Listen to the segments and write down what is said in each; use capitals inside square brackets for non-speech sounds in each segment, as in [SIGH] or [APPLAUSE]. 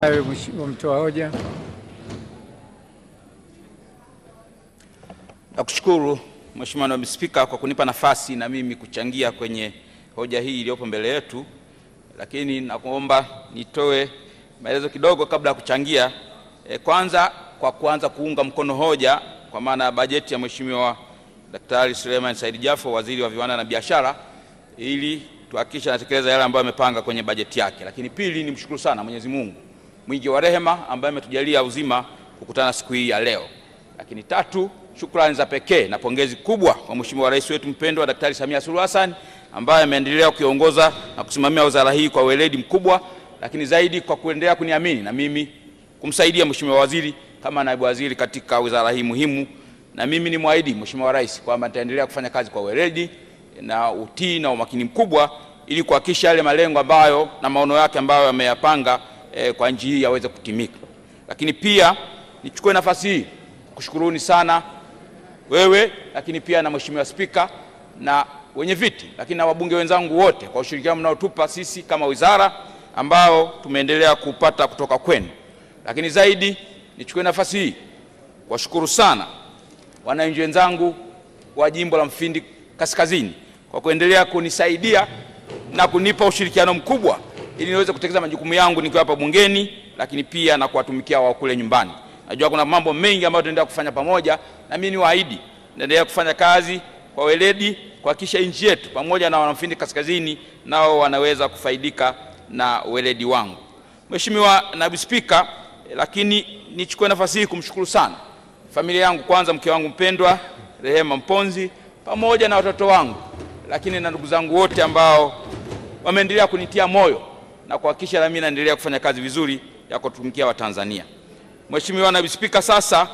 Hayo Mheshimiwa mtoa hoja. Nakushukuru Mheshimiwa Naibu Spika kwa kunipa nafasi na mimi kuchangia kwenye hoja hii iliyopo mbele yetu, lakini nakuomba nitoe maelezo kidogo kabla ya kuchangia. E, kwanza kwa kuanza kuunga mkono hoja kwa maana ya bajeti ya Mheshimiwa Daktari Suleiman Said Jafo, waziri wa viwanda na biashara, ili tuhakikishe anatekeleza yale ambayo amepanga kwenye bajeti yake. Lakini pili, nimshukuru sana Mwenyezi Mungu mwingi wa rehema ambaye ametujalia uzima kukutana siku hii ya leo. Lakini tatu, shukrani za pekee na pongezi kubwa kwa Mheshimiwa Rais wetu mpendwa Daktari Samia Suluhu Hassan ambaye ameendelea kuiongoza na kusimamia wizara hii kwa weledi mkubwa, lakini zaidi kwa kuendelea kuniamini na mimi kumsaidia Mheshimiwa Waziri kama naibu waziri katika wizara hii muhimu, na mimi ni mwahidi Mheshimiwa Rais kwamba nitaendelea kufanya kazi kwa weledi na utii na umakini mkubwa ili kuhakikisha yale malengo ambayo na maono yake ambayo ameyapanga e, kwa nchi hii yaweze kutimika. Lakini pia nichukue nafasi hii kushukuruni sana wewe, lakini pia na Mheshimiwa Spika na wenye viti, lakini na wabunge wenzangu wote kwa ushirikiano mnaotupa sisi kama wizara ambao tumeendelea kupata kutoka kwenu. Lakini zaidi nichukue nafasi hii kuwashukuru sana wananchi wenzangu wa jimbo la Mfindi Kaskazini kwa kuendelea kunisaidia na kunipa ushirikiano mkubwa ili niweze kutekeleza majukumu yangu nikiwa hapa bungeni, lakini pia na kuwatumikia wao kule nyumbani. Najua kuna mambo mengi ambayo tunaendelea kufanya pamoja, na mimi niwaahidi naendelea kufanya kazi kwa weledi kuhakikisha nchi yetu pamoja na Wanamfindi Kaskazini nao wanaweza kufaidika na weledi wangu. Mheshimiwa Naibu Spika, lakini nichukue nafasi hii kumshukuru sana familia yangu, kwanza mke wangu mpendwa Rehema Mponzi pamoja na watoto wangu, lakini na ndugu zangu wote ambao wameendelea kunitia moyo na kuhakikisha nami naendelea kufanya kazi vizuri ya kutumikia Watanzania. Mheshimiwa Naibu Spika, sasa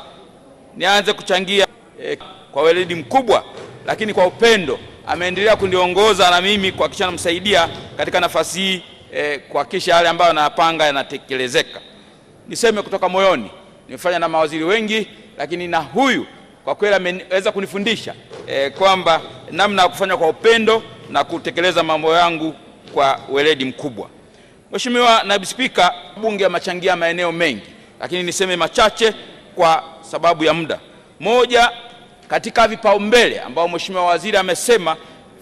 nianze kuchangia eh, kwa weledi mkubwa, lakini kwa upendo ameendelea kuniongoza na mimi kuhakikisha namsaidia katika nafasi hii eh, kuhakikisha yale ambayo anayapanga yanatekelezeka. Niseme kutoka moyoni, nimefanya na mawaziri wengi, lakini na huyu kwa kweli ameweza kunifundisha eh, kwamba namna ya kufanya kwa upendo na kutekeleza mambo yangu kwa weledi mkubwa. Mheshimiwa Naibu Spika, bunge amechangia maeneo mengi, lakini niseme machache kwa sababu ya muda. Moja katika vipaumbele ambao Mheshimiwa Waziri amesema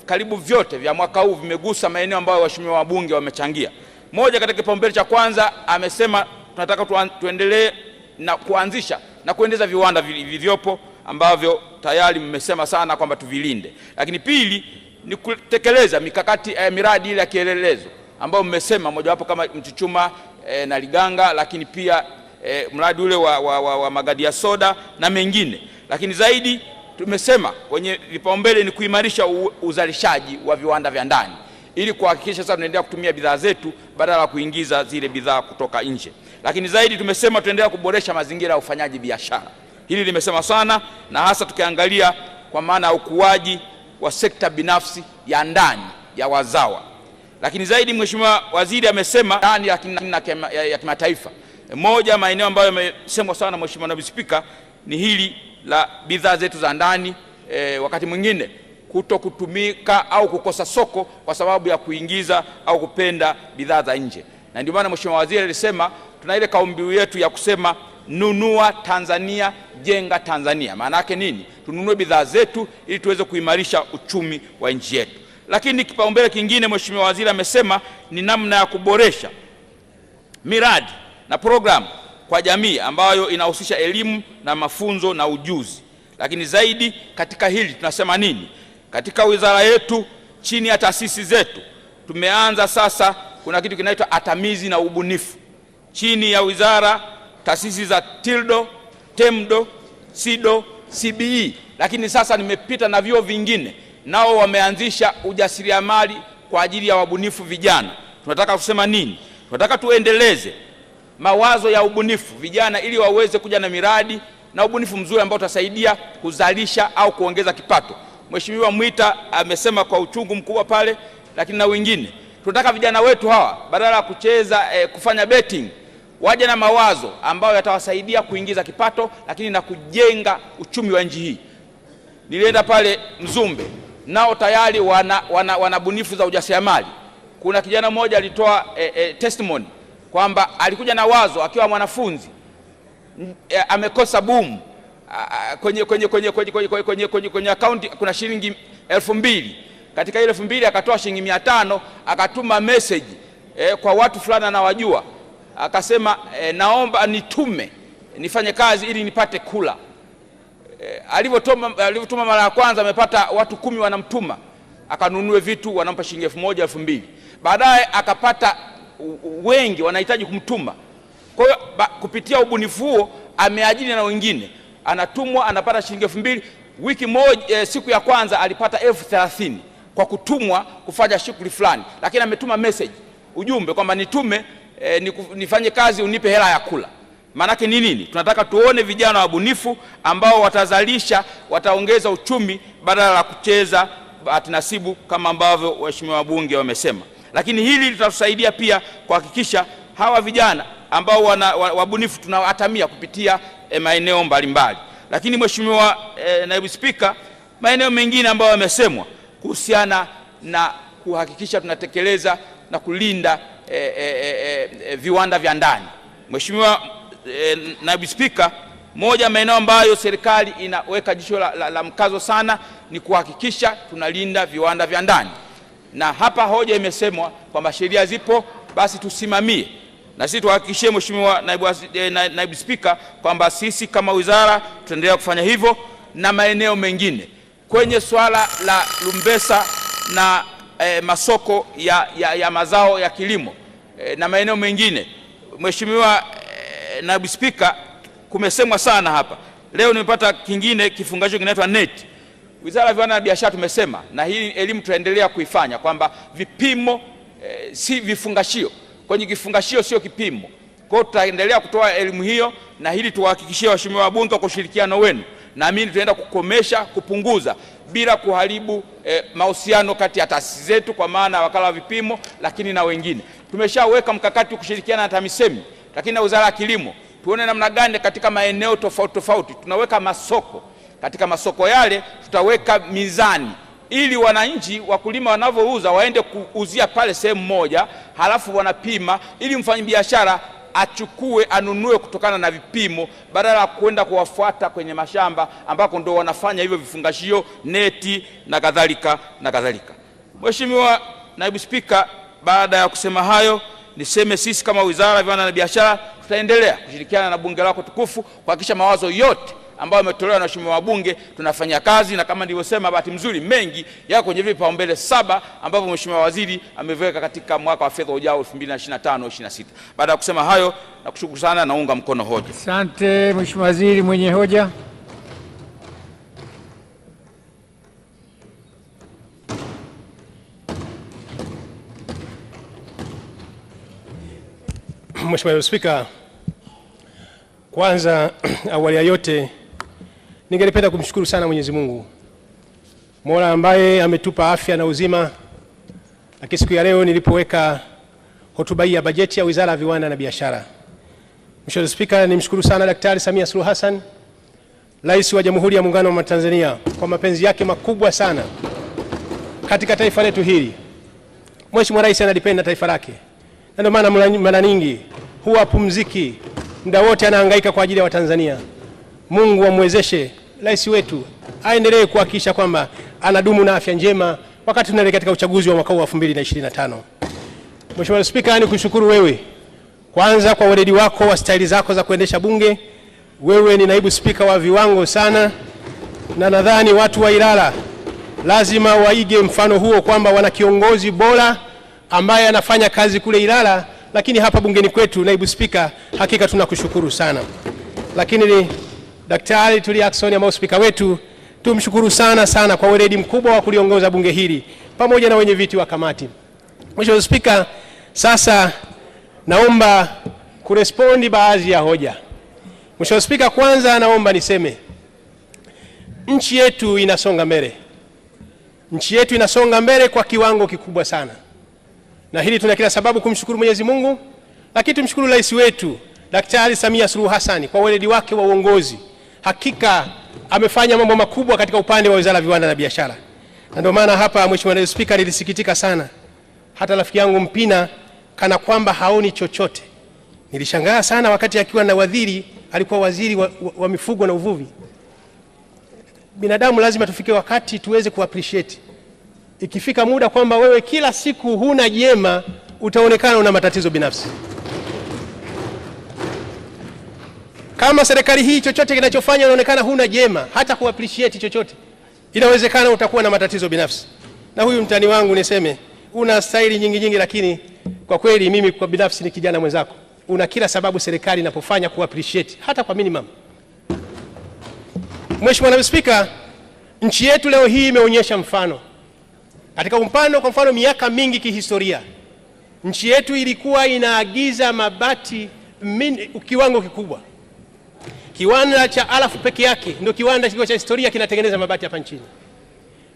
karibu vyote vya mwaka huu vimegusa maeneo ambayo waheshimiwa wabunge wamechangia. Moja katika kipaumbele cha kwanza amesema tunataka tuendelee na kuanzisha na kuendeleza viwanda vilivyopo ambavyo tayari mmesema sana kwamba tuvilinde, lakini pili ni kutekeleza mikakati ya eh, miradi ile ya kielelezo ambao mmesema mojawapo kama Mchuchuma e, na Liganga, lakini pia e, mradi ule wa, wa, wa, wa magadi ya soda na mengine, lakini zaidi tumesema kwenye vipaumbele ni kuimarisha uzalishaji wa viwanda vya ndani ili kuhakikisha sasa tunaendelea kutumia bidhaa zetu badala ya kuingiza zile bidhaa kutoka nje. Lakini zaidi tumesema tunaendelea kuboresha mazingira ya ufanyaji biashara. Hili limesema sana, na hasa tukiangalia kwa maana ya ukuaji wa sekta binafsi ya ndani ya wazawa. Lakini zaidi Mheshimiwa Waziri amesema ndani ya kimataifa, moja maeneo ambayo yamesemwa sana Mheshimiwa Naibu Spika ni hili la bidhaa zetu za ndani e, wakati mwingine kuto kutumika au kukosa soko kwa sababu ya kuingiza au kupenda bidhaa za nje, na ndio maana Mheshimiwa Waziri alisema tuna ile kauli yetu ya kusema nunua Tanzania, jenga Tanzania. Maana yake nini? Tununue bidhaa zetu ili tuweze kuimarisha uchumi wa nchi yetu. Lakini kipaumbele kingine, Mheshimiwa Waziri amesema ni namna ya kuboresha miradi na programu kwa jamii ambayo inahusisha elimu na mafunzo na ujuzi. Lakini zaidi katika hili tunasema nini? Katika wizara yetu chini ya taasisi zetu tumeanza sasa, kuna kitu kinaitwa atamizi na ubunifu chini ya wizara, taasisi za TILDO, TEMDO, SIDO, CBE, lakini sasa nimepita na vyuo vingine nao wameanzisha ujasiriamali kwa ajili ya wabunifu vijana. Tunataka kusema nini? Tunataka tuendeleze mawazo ya ubunifu vijana, ili waweze kuja na miradi na ubunifu mzuri ambao utasaidia kuzalisha au kuongeza kipato. Mheshimiwa Mwita amesema kwa uchungu mkubwa pale, lakini na wengine, tunataka vijana wetu hawa badala ya kucheza eh, kufanya betting waje na mawazo ambayo yatawasaidia kuingiza kipato, lakini na kujenga uchumi wa nchi hii. Nilienda pale Mzumbe nao tayari wana, wana, wana bunifu za ujasiriamali. Kuna kijana mmoja alitoa e, e, testimony kwamba alikuja na wazo akiwa mwanafunzi e, amekosa boom a, kwenye, kwenye, kwenye, kwenye, kwenye, kwenye, kwenye, kwenye akaunti kuna shilingi elfu mbili katika ile elfu mbili akatoa shilingi mia tano akatuma meseji e, kwa watu fulani anawajua akasema e, naomba nitume nifanye kazi ili nipate kula eh, alivyotuma mara ya kwanza amepata watu kumi wanamtuma akanunue vitu wanampa shilingi elfu moja elfu mbili baadaye akapata wengi wanahitaji kumtuma. Kwa hiyo kupitia ubunifu huo ameajiri na wengine, anatumwa anapata shilingi elfu mbili wiki moja. eh, siku ya kwanza alipata elfu thelathini kwa kutumwa kufanya shughuli fulani, lakini ametuma message, ujumbe kwamba nitume, eh, nifanye kazi, unipe hela ya kula. Maanake ni nini? Tunataka tuone vijana wabunifu ambao watazalisha, wataongeza uchumi badala ya kucheza bahati nasibu kama ambavyo waheshimiwa wabunge wamesema. Lakini hili litatusaidia pia kuhakikisha hawa vijana ambao wana, wabunifu tunawatamia kupitia eh, maeneo mbalimbali. Lakini Mheshimiwa eh, Naibu Spika, maeneo mengine ambayo yamesemwa kuhusiana na kuhakikisha tunatekeleza na kulinda eh, eh, eh, eh, eh viwanda vya ndani Mheshimiwa eh, naibu spika, moja maeneo ambayo serikali inaweka jicho la, la, la mkazo sana ni kuhakikisha tunalinda viwanda vya ndani, na hapa hoja imesemwa kwamba sheria zipo, basi tusimamie na sisi tuhakikishie Mheshimiwa naibu, e, naibu spika kwamba sisi kama wizara tutaendelea kufanya hivyo na maeneo mengine kwenye swala la Lumbesa na eh, masoko ya, ya, ya mazao ya kilimo eh, na maeneo mengine Mheshimiwa naibu spika, kumesemwa sana hapa leo. Nimepata kingine kifungasho kinaitwa NET, wizara ya viwanda na biashara. Tumesema na hii elimu tutaendelea kuifanya kwamba vipimo e, si vifungashio, kwenye kifungashio sio kipimo. Kwa hiyo tutaendelea kutoa elimu hiyo, na hili tuwahakikishie waheshimiwa wabunge kwa ushirikiano wenu, naamini tutaenda kukomesha kupunguza bila kuharibu eh, mahusiano kati ya taasisi zetu, kwa maana ya wakala wa vipimo, lakini na wengine. Tumeshaweka mkakati wa kushirikiana na TAMISEMI lakini na wizara ya kilimo tuone namna gani katika maeneo tofauti tofauti tunaweka masoko, katika masoko yale tutaweka mizani ili wananchi wakulima wanavyouza waende kuuzia pale sehemu moja, halafu wanapima ili mfanyabiashara achukue anunue kutokana na vipimo, badala ya kwenda kuwafuata kwenye mashamba ambako ndo wanafanya hivyo vifungashio, neti na kadhalika na kadhalika. Mheshimiwa Naibu Spika, baada ya kusema hayo niseme sisi kama Wizara ya Viwanda na Biashara tutaendelea kushirikiana na bunge lako tukufu kuhakikisha mawazo yote ambayo yametolewa na waheshimiwa wabunge tunafanya kazi, na kama nilivyosema, bahati mzuri mengi yako kwenye vipaumbele saba ambavyo mheshimiwa waziri ameviweka katika mwaka wa fedha ujao 2025 26. Baada ya kusema hayo, nakushukuru sana, naunga mkono hoja. Asante mheshimiwa waziri. Mwenye hoja. [CLEARS THROAT] Mheshimiwa Naibu Spika, kwanza [CLEARS THROAT] awali ya yote ningelipenda kumshukuru sana Mwenyezi Mungu Mola ambaye ametupa afya na uzima, lakini siku ya leo nilipoweka hotuba hii ya bajeti ya Wizara ya Viwanda na Biashara, Mheshimiwa Spika, nimshukuru sana Daktari Samia Suluhu Hassan, Rais wa Jamhuri ya Muungano wa Tanzania kwa mapenzi yake makubwa sana katika taifa letu hili. Mheshimiwa Rais analipenda taifa lake ndio maana mara nyingi huwa pumziki muda wote anahangaika kwa ajili ya Watanzania. Mungu amwezeshe rais wetu aendelee kuhakikisha kwamba anadumu na afya njema wakati tunaelekea katika uchaguzi wa mwaka huu 2025. Mheshimiwa Spika, ni kushukuru wewe kwanza kwa weledi wako wa staili zako za kuendesha bunge. Wewe ni naibu spika wa viwango sana, na nadhani watu wa Ilala lazima waige mfano huo kwamba wana kiongozi bora ambaye anafanya kazi kule Ilala, lakini hapa bungeni kwetu. Naibu Spika, hakika tunakushukuru sana. Lakini ni Daktari Tuli Ackson ambaye spika wetu, tumshukuru sana sana kwa weledi mkubwa wa kuliongoza bunge hili pamoja na wenye viti wa kamati. Mheshimiwa Spika, sasa naomba kurespondi baadhi ya hoja. Mheshimiwa Spika, kwanza naomba niseme nchi yetu inasonga mbele, nchi yetu inasonga mbele kwa kiwango kikubwa sana na hili tuna kila sababu kumshukuru Mwenyezi Mungu, lakini tumshukuru rais wetu Daktari Samia Suluhu Hassan kwa weledi wake wa uongozi. Hakika amefanya mambo makubwa katika upande wa wizara ya viwanda na biashara, na ndio maana hapa, Mheshimiwa Naibu Spika, nilisikitika sana, hata rafiki yangu Mpina kana kwamba haoni chochote. Nilishangaa sana wakati akiwa na wadhiri, alikuwa waziri wa, wa, wa mifugo na uvuvi. Binadamu lazima tufike wakati tuweze kuappreciate ikifika muda kwamba wewe kila siku huna jema, utaonekana una matatizo binafsi. Kama serikali hii chochote kinachofanya inaonekana huna jema, hata appreciate chochote, inawezekana utakuwa na matatizo binafsi. Na huyu mtani wangu niseme, una staili nyingi nyingi, lakini kwa kweli mimi kwa binafsi ni kijana mwenzako, una kila sababu serikali inapofanya appreciate hata kwa minimum. Mheshimiwa Naibu Spika, nchi yetu leo hii imeonyesha mfano katika umpano, kwa mfano, miaka mingi kihistoria, nchi yetu ilikuwa inaagiza mabati min, kiwango kikubwa. Kiwanda cha Alafu peke yake ndio kiwanda kikubwa cha historia kinatengeneza mabati hapa nchini.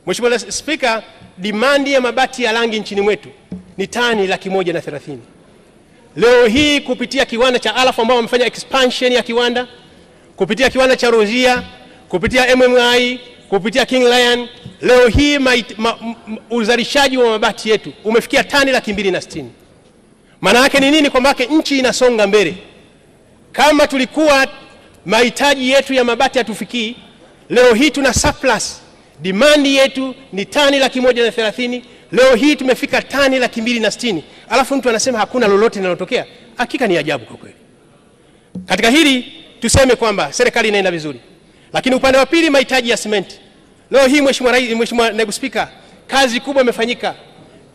Mheshimiwa Spika, dimandi ya mabati ya rangi nchini mwetu ni tani laki moja na thelathini. Leo hii kupitia kiwanda cha Alafu ambao wamefanya expansion ya kiwanda, kupitia kiwanda cha Rozia, kupitia MMI, kupitia King Lion Leo hii ma, ma, uzalishaji wa mabati yetu umefikia tani laki mbili na sitini. Maana yake ni nini? Kwamba nchi inasonga mbele. Kama tulikuwa mahitaji yetu ya mabati hatufikii, leo hii tuna surplus. Dimandi yetu ni tani laki moja na thelathini, leo hii tumefika tani laki mbili na sitini, alafu mtu anasema hakuna lolote linalotokea. Hakika ni ajabu kwa kweli. Katika hili tuseme kwamba serikali inaenda vizuri, lakini upande wa pili mahitaji ya simenti Leo hii mheshimiwa rais, mheshimiwa naibu spika, kazi kubwa imefanyika.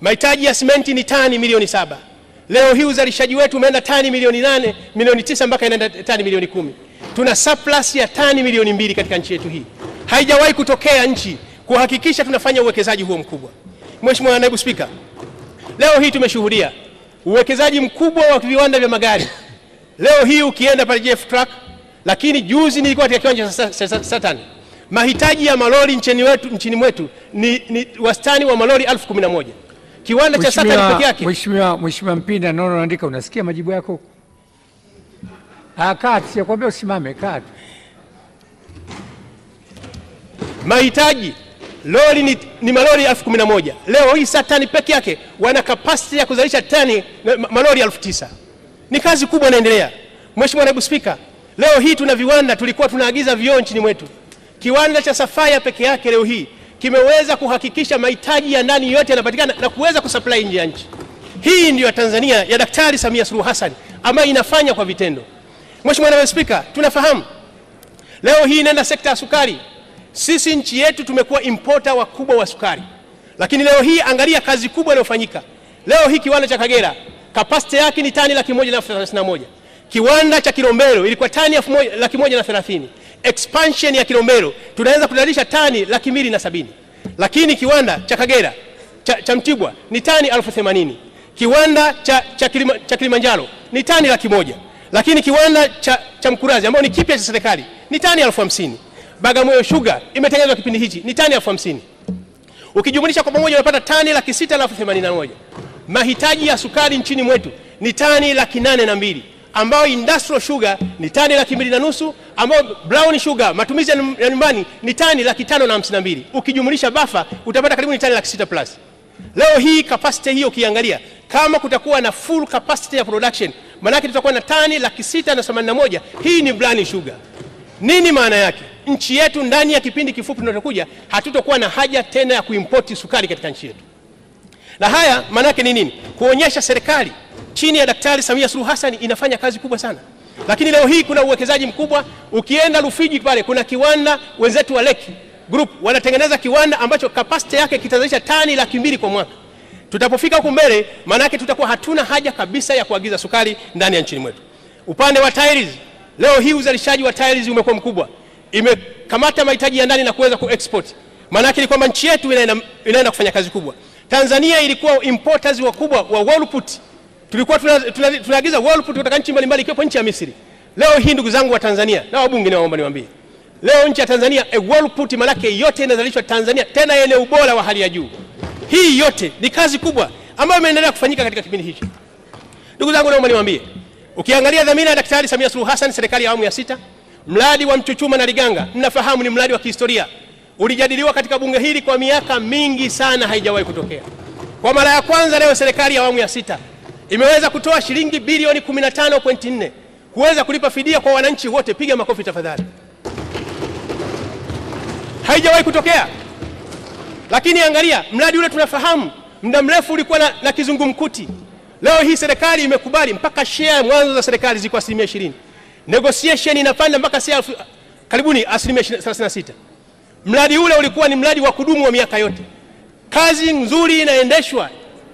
Mahitaji ya simenti ni tani milioni saba. Leo hii uzalishaji wetu umeenda tani milioni nane, milioni tisa mpaka inaenda tani milioni kumi. Tuna surplus ya tani milioni mbili katika nchi yetu hii, haijawahi kutokea nchi, kuhakikisha tunafanya uwekezaji huo mkubwa. Mheshimiwa naibu spika, leo hii tumeshuhudia uwekezaji mkubwa wa viwanda vya magari. Leo hii ukienda pale JF Truck, lakini juzi nilikuwa katika kiwanja cha Satani Mahitaji ya malori nchini, wetu, nchini mwetu ni, ni wastani wa malori elfu kumi na moja. Kiwanda cha Sata peke yake. Mheshimiwa Mheshimiwa Mpinda, naona unaandika, unasikia majibu yako. Akati sikwambia usimame, kati Mahitaji lori ni, ni malori elfu kumi na moja. Leo hii Satani peke yake wana kapasiti ya kuzalisha tani eh, malori elfu tisa. Ni kazi kubwa inaendelea. Mheshimiwa Naibu Spika, leo hii tuna viwanda, tulikuwa tunaagiza vioo nchini mwetu. Kiwanda cha Safaya peke yake leo hii kimeweza kuhakikisha mahitaji ya ndani yote yanapatikana na kuweza kusupply nje ya nchi. Hii ndiyo Tanzania ya Daktari Samia Suluhu Hassan ambayo inafanya kwa vitendo. Mheshimiwa Naibu Spika, tunafahamu leo hii nenda sekta ya sukari. Sisi nchi yetu tumekuwa importer wakubwa wa sukari, lakini leo hii angalia kazi kubwa inayofanyika leo hii. Kiwanda cha Kagera kapasiti yake ni tani laki moja na elfu thelathini na moja. Kiwanda cha Kilombero ilikuwa tani laki moja na thelathini expansion ya Kilombero tunaweza kuzalisha tani laki mbili na sabini, lakini kiwanda cha Kagera cha, cha Mtibwa ni tani elfu themanini, kiwanda cha, cha, Kilima, cha Kilimanjaro ni tani laki moja, lakini kiwanda cha, cha Mkurazi ambao ni kipya cha serikali ni tani elfu hamsini. Bagamoyo Sugar imetengenezwa kipindi hichi ni tani elfu hamsini. Ukijumlisha kwa pamoja unapata tani laki sita elfu themanini na moja. Mahitaji ya sukari nchini mwetu ni tani laki nane na mbili ambayo industrial sugar ni tani laki mbili na nusu, ambayo brown sugar matumizi ya nyumbani ni tani laki tano na hamsini na mbili. Ukijumulisha bafa utapata karibu ni tani laki sita plus. Leo hii capacity hiyo ukiangalia, kama kutakuwa na full capacity ya production, maanake tutakuwa na tani laki sita na themanini na moja. Hii ni brown sugar. Nini maana yake? Nchi yetu ndani ya kipindi kifupi tunachokuja hatutokuwa na haja tena ya kuimpoti sukari katika nchi yetu, na haya maana yake ni nini? Kuonyesha serikali chini ya Daktari Samia Suluhu Hassan inafanya kazi kubwa sana, lakini leo hii kuna uwekezaji mkubwa. Ukienda Rufiji pale kuna kiwanda, wenzetu wa Leki Group wanatengeneza kiwanda ambacho kapasiti yake kitazalisha tani laki mbili kwa mwaka. Tutapofika huku mbele, maana yake tutakuwa hatuna haja kabisa ya kuagiza sukari ndani ya nchini mwetu. Upande wa tiles, leo hii uzalishaji wa tiles umekuwa mkubwa, imekamata mahitaji ya ndani na kuweza kuexport. Maana yake ni kwamba nchi yetu inaenda, inaenda kufanya kazi kubwa. Tanzania ilikuwa importers wakubwa wa wallput Tulikuwa tunaagiza Whirlpool kutoka nchi mbalimbali ikiwepo nchi ya Misri. Leo hii ndugu zangu wa Tanzania na wabunge, naomba niwaambie, leo nchi ya Tanzania e Whirlpool malaki yote inazalishwa Tanzania, tena yenye ubora wa hali ya juu. Hii yote ni kazi kubwa ambayo imeendelea kufanyika katika kipindi hicho. Ndugu zangu, naomba niwaambie, ukiangalia dhamira ya Daktari Samia Suluhu Hassan, serikali ya awamu ya sita, mradi wa Mchuchuma na Liganga, mnafahamu ni mradi wa kihistoria, ulijadiliwa katika bunge hili kwa miaka mingi sana, haijawahi kutokea. Kwa mara ya kwanza leo serikali ya awamu ya sita imeweza kutoa shilingi bilioni 15.4 kuweza kulipa fidia kwa wananchi wote. Piga makofi tafadhali. Haijawahi kutokea. Lakini angalia, mradi ule tunafahamu muda mrefu ulikuwa na, na kizungumkuti. Leo hii serikali imekubali mpaka share mwanzo za serikali ziko asilimia ishirini, negotiation inapanda mpaka share karibuni asilimia 36. Mradi ule ulikuwa ni mradi wa kudumu wa miaka yote, kazi nzuri inaendeshwa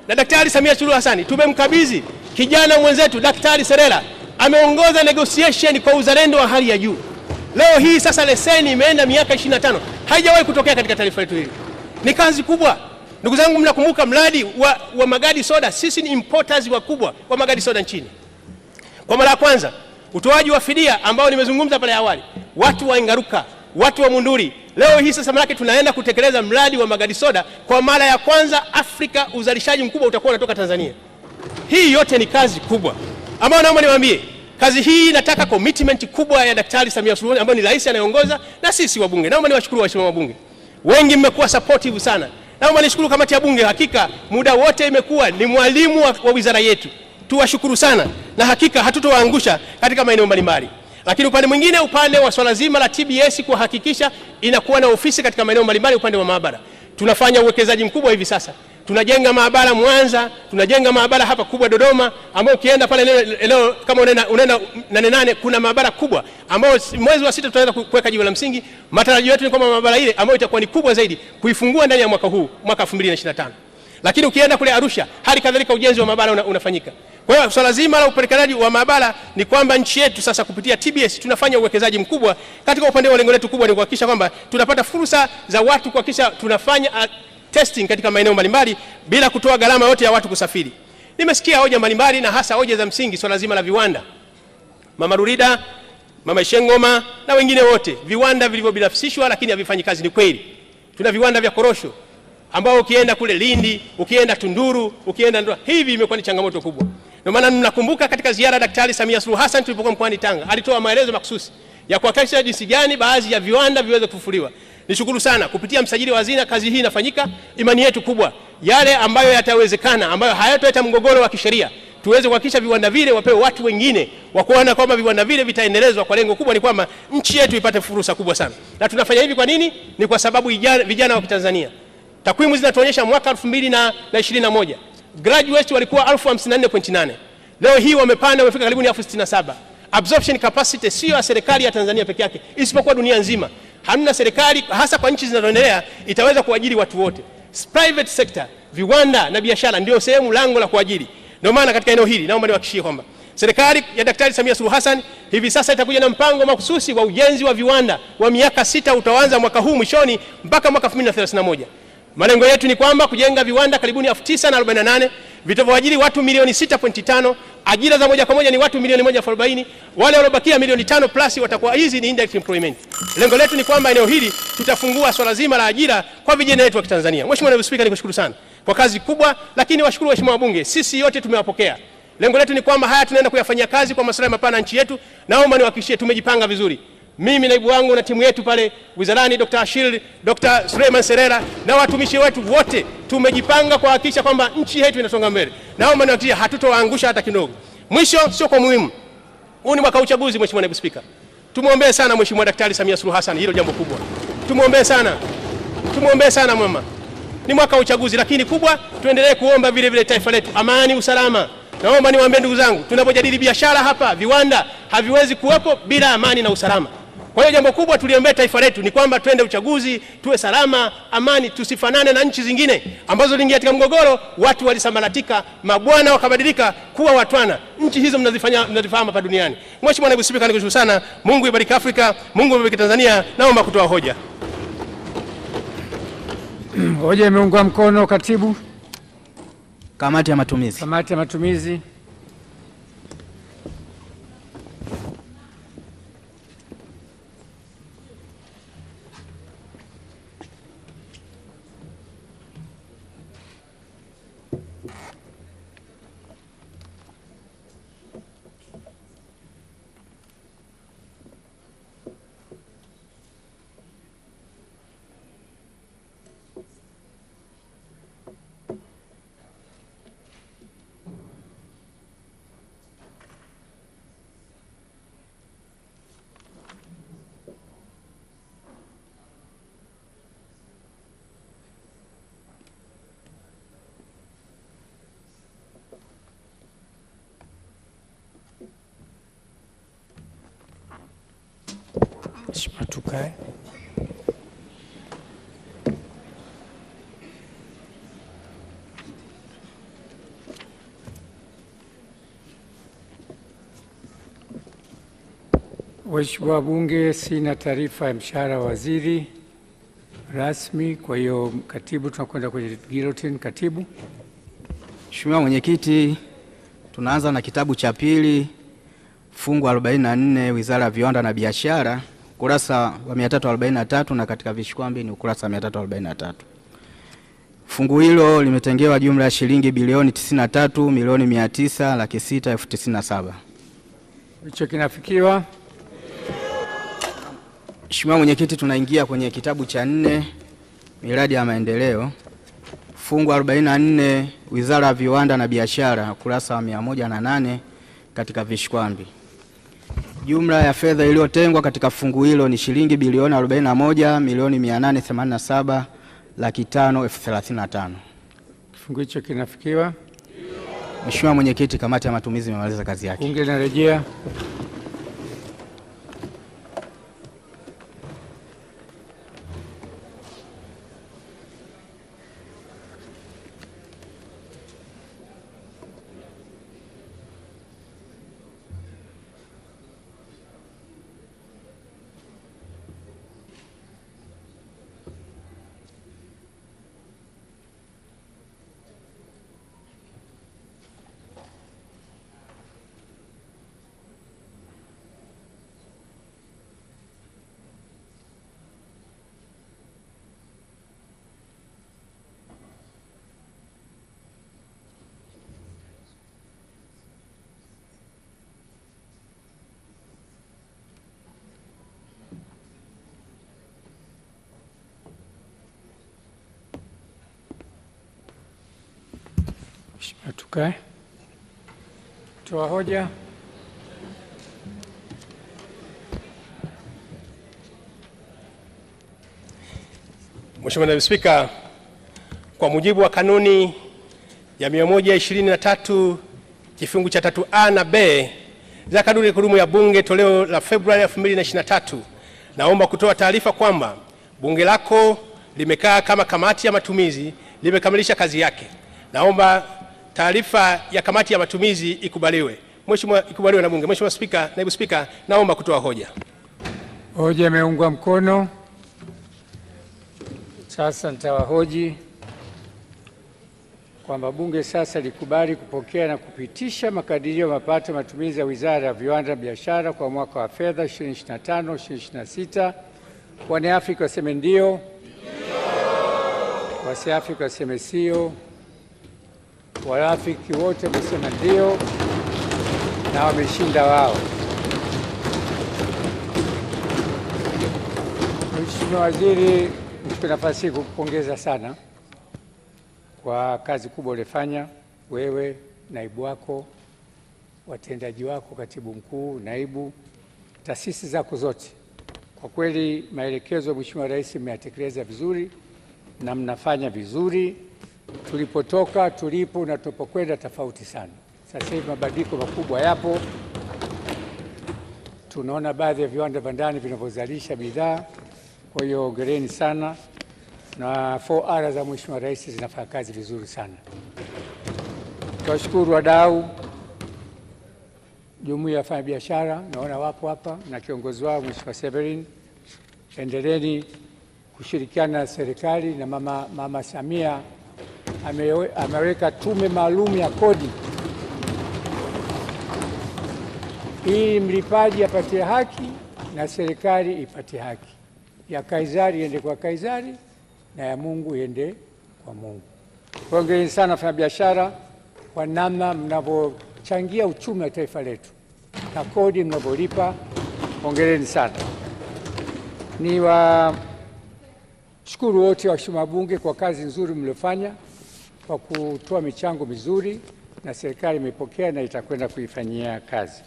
na Daktari Samia Suluhu Hassan tumemkabidhi kijana mwenzetu Daktari Serela, ameongoza negotiation kwa uzalendo wa hali ya juu. Leo hii sasa leseni imeenda miaka 25, haijawahi kutokea katika taifa letu hili. Ni kazi kubwa. Ndugu zangu, mnakumbuka mradi wa, wa magadi soda. Sisi ni importers wakubwa wa magadi soda nchini. Kwa mara ya kwanza utoaji wa fidia ambao nimezungumza pale awali, watu wa Ingaruka, watu wa Munduri Leo hii sasa manake tunaenda kutekeleza mradi wa magadi soda kwa mara ya kwanza Afrika, uzalishaji mkubwa utakuwa unatoka Tanzania. Hii yote ni kazi kubwa ambayo naomba niwaambie, kazi hii inataka commitment kubwa ya Daktari Samia Suluhu ambaye ni rais anayeongoza na sisi wabunge. Naomba niwashukuru waheshimiwa wabunge, wengi mmekuwa supportive sana. Naomba nishukuru kamati ya Bunge, hakika muda wote imekuwa ni mwalimu wa, wa wizara yetu. Tuwashukuru sana na hakika hatutowaangusha katika maeneo mbalimbali. Lakini upande mwingine, upande wa swala zima la TBS kuhakikisha inakuwa na ofisi katika maeneo mbalimbali. Upande wa maabara tunafanya uwekezaji mkubwa hivi sasa, tunajenga maabara Mwanza, tunajenga maabara hapa kubwa Dodoma, ambayo ukienda pale leo kama unaenda unaenda nane nane, kuna maabara kubwa ambayo mwezi wa sita tutaweza kuweka jiwe la msingi. Matarajio yetu ni kwamba maabara ile ambayo itakuwa ni kubwa zaidi kuifungua ndani ya mwaka huu, mwaka 2025. Lakini ukienda kule Arusha, hali kadhalika ujenzi wa maabara una, unafanyika. Kwa hiyo swala zima la upatikanaji wa maabara ni kwamba nchi yetu sasa kupitia TBS tunafanya uwekezaji mkubwa katika upande wa lengo letu kubwa ni kuhakikisha kwamba tunapata fursa za watu kuhakikisha tunafanya uh, testing katika maeneo mbalimbali bila kutoa gharama yote ya watu kusafiri. Nimesikia hoja mbalimbali na hasa hoja za msingi swala zima la viwanda. Mama Rurida, Mama Ishengoma na wengine wote, viwanda vilivyobinafsishwa lakini havifanyi kazi. Ni kweli tuna viwanda vya korosho ambao ukienda kule Lindi, ukienda Tunduru, ukienda Ndora, hivi imekuwa ni changamoto kubwa. Ndio maana mnakumbuka katika ziara Daktari Samia Suluhu Hassan tulipokuwa mkoani Tanga, alitoa maelezo makususi ya kuhakikisha jinsi gani baadhi ya viwanda viweze kufufuliwa. Nishukuru sana kupitia msajili wa hazina, kazi hii inafanyika. Imani yetu kubwa, yale ambayo yatawezekana, ambayo hayatoleta mgogoro wa kisheria, tuweze kuhakikisha viwanda vile wapewe watu wengine wa kuona kwamba viwanda vile vitaendelezwa, kwa lengo kubwa ni kwamba nchi yetu ipate fursa kubwa sana. Na tunafanya hivi kwa nini? Ni kwa sababu vijana wa Kitanzania, takwimu zinatuonyesha mwaka 2021 graduates walikuwa 54.8 leo hii wamepanda wamefika karibu ni 67 absorption capacity sio ya serikali ya Tanzania peke yake isipokuwa dunia nzima hamna serikali hasa kwa nchi zinazoendelea itaweza kuajiri watu wote private sector viwanda na biashara ndio sehemu lango la kuajiri ndio maana katika eneo hili naomba niwahakishie kwamba serikali ya daktari Samia Suluhu Hassan hivi sasa itakuja na mpango mahususi wa ujenzi wa viwanda wa miaka sita utaanza mwaka huu mwishoni mpaka mwaka 2031 Malengo yetu ni kwamba kujenga viwanda karibuni 948 vitavyoajiri watu milioni 6.5, ajira za moja kwa moja ni watu milioni 140, wale waliobakia milioni tano plus watakuwa hizi ni indirect employment. Lengo letu ni kwamba eneo hili tutafungua swala zima la ajira kwa vijana wetu wa Kitanzania. Mheshimiwa Naibu Spika, nikushukuru sana kwa kazi kubwa, lakini washukuru waheshimiwa wabunge, sisi yote tumewapokea. Lengo letu ni kwamba haya tunaenda kuyafanyia kazi kwa maslahi mapana nchi yetu. Naomba niwahakikishie tumejipanga vizuri mimi naibu wangu na timu yetu pale wizarani, Dr. Ashil, Dr. Suleiman Serera na watumishi wetu wote tumejipanga kuhakikisha kwamba nchi yetu inasonga mbele. Naomba niwatie, hatutowaangusha hata kidogo. Mwisho sio kwa muhimu, huu ni mwaka uchaguzi. Mheshimiwa naibu spika, tumwombee sana Mheshimiwa Daktari Samia Suluhu Hassan, hilo jambo kubwa, tumwombee sana, tumwombee sana mama. Ni mwaka wa uchaguzi, lakini kubwa tuendelee kuomba vile vile taifa letu amani, usalama Naomba niwaambie ndugu zangu, tunapojadili biashara hapa, viwanda haviwezi kuwepo bila amani na usalama. Kwa hiyo jambo kubwa tuliombea taifa letu ni kwamba twende uchaguzi, tuwe salama, amani, tusifanane na nchi zingine ambazo ziliingia katika mgogoro, watu walisambaratika, mabwana wakabadilika kuwa watwana. Nchi hizo mnazifanya mnazifahamu hapa duniani. Mheshimiwa Naibu Spika, nikushukuru sana. Mungu ibariki Afrika, Mungu ibariki Tanzania. Naomba kutoa hoja. [CLEARS THROAT] Hoja imeungwa mkono katibu, kamati ya matumizi, kamati ya matumizi. tukae. Waheshimiwa wabunge, sina taarifa ya mshahara wa waziri rasmi. Kwa hiyo katibu, tunakwenda kwenye guillotine. Katibu. Mheshimiwa Mwenyekiti, tunaanza na kitabu cha pili fungu 44 Wizara ya Viwanda na Biashara ukurasa wa 343 na katika vishikwambi ni ukurasa wa 343. Fungu hilo limetengewa jumla ya shilingi bilioni 93 milioni 900 laki 6 elfu 97. Hicho kinafikiwa. Mheshimiwa Mwenyekiti, tunaingia kwenye kitabu cha nne miradi ya maendeleo fungu 44 Wizara ya Viwanda na Biashara, kurasa wa 108 katika vishikwambi. Jumla ya fedha iliyotengwa katika fungu hilo ni shilingi bilioni 41 milioni 887 laki tano elfu Kifungu hicho kinafikiwa. Mheshimiwa Mwenyekiti, kamati ya matumizi imemaliza kazi yake. Bunge linarejea. Mheshimiwa, tukae. Toa hoja. Mheshimiwa Naibu Spika, kwa mujibu wa kanuni ya 123 kifungu cha 3A na B za kanuni kudumu ya Bunge toleo la Februari 2023, naomba kutoa taarifa kwamba bunge lako limekaa kama kamati ya matumizi limekamilisha kazi yake. Naomba taarifa ya kamati ya matumizi ikubaliwe. Mheshimiwa, ikubaliwe na Bunge. Mheshimiwa Spika, naibu Spika, naomba kutoa hoja. Hoja imeungwa mkono. Sasa nitawahoji kwamba Bunge sasa likubali kupokea na kupitisha makadirio ya mapato matumizi ya Wizara ya Viwanda na Biashara kwa mwaka wa fedha 2025 2026. Wanaafrika waseme ndio, wasiafrika waseme sio. Warafiki wote wamesema ndio na wameshinda wao. Mheshimiwa Waziri, nichukue nafasi hii kukupongeza sana kwa kazi kubwa ulifanya wewe, naibu wako, watendaji wako, katibu mkuu, naibu, taasisi zako zote. Kwa kweli maelekezo ya Mheshimiwa Rais mmeyatekeleza vizuri na mnafanya vizuri tulipotoka, tulipo na tupokwenda tofauti sana. Sasa hivi mabadiliko makubwa yapo, tunaona baadhi ya viwanda vya ndani vinavyozalisha bidhaa. Kwa hiyo ongereni sana, na 4R za Mheshimiwa Rais zinafanya kazi vizuri sana. Tuwashukuru wadau, jumuiya ya wafanyabiashara, naona wapo hapa na kiongozi wao Mheshimiwa Severin. Endeleeni kushirikiana na serikali na mama, mama Samia ameweka tume maalum ya kodi ili mlipaji apate haki na serikali ipate haki. Ya Kaisari iende kwa Kaisari na ya Mungu iende kwa Mungu. Hongereni sana biashara kwa namna mnavyochangia uchumi wa taifa letu na kodi mnavyolipa. Hongereni sana. Ni washukuru wote waheshimiwa wabunge kwa kazi nzuri mliofanya kwa kutoa michango mizuri na serikali imepokea na itakwenda kuifanyia kazi.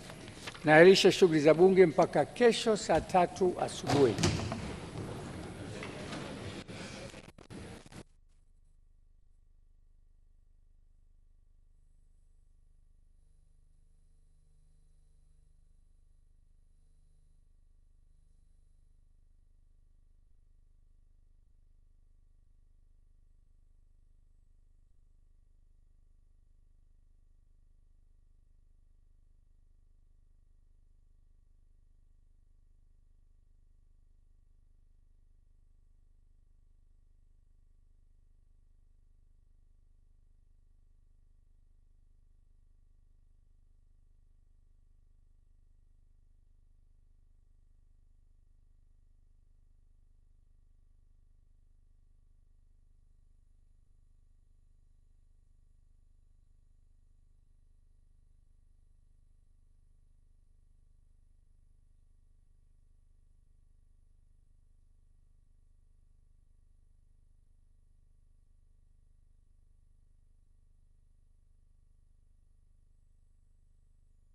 Naahirisha shughuli za bunge mpaka kesho saa tatu asubuhi.